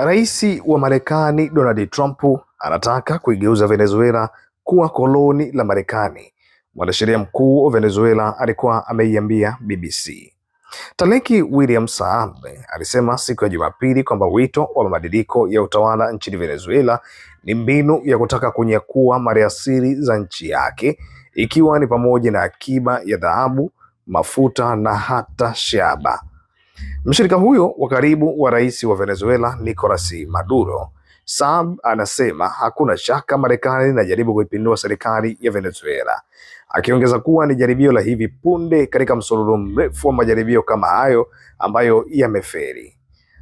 Rais wa Marekani Donald Trump anataka kuigeuza Venezuela kuwa koloni la Marekani. Mwanasheria mkuu wa Venezuela alikuwa ameiambia BBC. taleki William Saab alisema siku ya Jumapili kwamba wito wa mabadiliko ya utawala nchini Venezuela ni mbinu ya kutaka kunyakua maliasili za nchi yake ikiwa ni pamoja na akiba ya dhahabu, mafuta na hata shaba. Mshirika huyo wa karibu wa rais wa Venezuela Nicolas Maduro, Saab anasema hakuna shaka Marekani inajaribu kuipindua serikali ya Venezuela, akiongeza kuwa ni jaribio la hivi punde katika msururu mrefu wa majaribio kama hayo ambayo yameferi.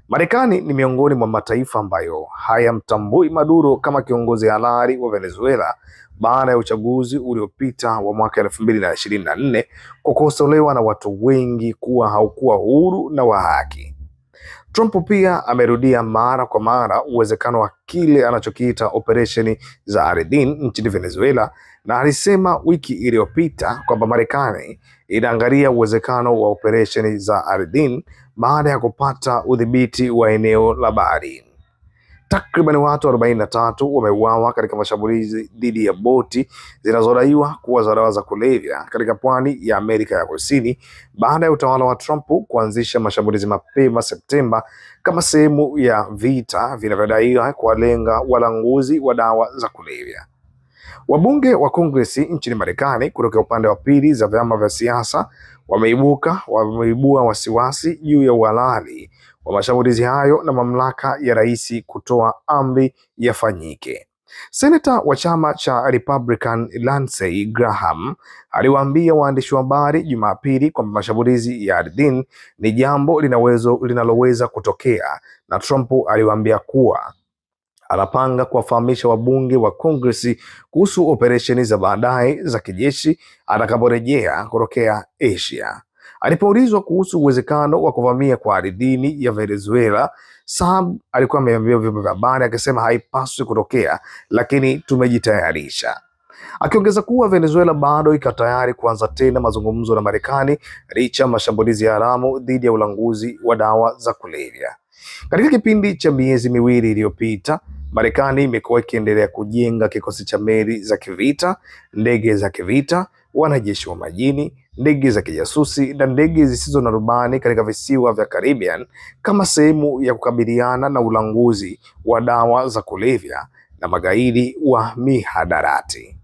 Marekani ni miongoni mwa mataifa ambayo hayamtambui Maduro kama kiongozi halali wa Venezuela baada ya uchaguzi uliopita wa mwaka elfu mbili na ishirini na nne kukosolewa na watu wengi kuwa haukuwa huru na wa haki. Trump pia amerudia mara kwa mara uwezekano wa kile anachokiita operesheni za ardhini nchini Venezuela na alisema wiki iliyopita kwamba Marekani inaangalia uwezekano wa operesheni za ardhini baada ya kupata udhibiti wa eneo la bahari. Takriban watu 43 wameuawa katika mashambulizi dhidi ya boti zinazodaiwa kuwa za dawa za kulevya katika pwani ya Amerika ya Kusini baada ya utawala wa Trump kuanzisha mashambulizi mapema Septemba kama sehemu ya vita vinavyodaiwa kuwalenga walanguzi wa dawa za kulevya. Wabunge wa Kongresi nchini Marekani kutoka upande wa pili za vyama vya siasa wameibuka wameibua wasiwasi juu ya uhalali wa mashambulizi hayo na mamlaka ya rais kutoa amri yafanyike. Senata wa chama cha Republican Lindsey Graham aliwaambia waandishi wa habari Jumapili kwamba mashambulizi ya ardhini ni jambo linaloweza kutokea, na Trump aliwaambia kuwa anapanga kuwafahamisha wabunge wa Kongresi kuhusu operesheni za baadaye za kijeshi atakaporejea kutokea Asia. Alipoulizwa kuhusu uwezekano wa kuvamia kwa ardhini ya Venezuela, Saab alikuwa ameambia vyombo vya habari akisema haipaswi kutokea, lakini tumejitayarisha, akiongeza kuwa Venezuela bado iko tayari kuanza tena mazungumzo na Marekani licha mashambulizi ya haramu dhidi ya ulanguzi wa dawa za kulevya. Katika kipindi cha miezi miwili iliyopita Marekani imekuwa ikiendelea kujenga kikosi cha meli za kivita, ndege za kivita, wanajeshi wa majini, ndege za kijasusi na ndege zisizo na rubani katika visiwa vya Caribbean kama sehemu ya kukabiliana na ulanguzi wa dawa za kulevya na magaidi wa mihadarati.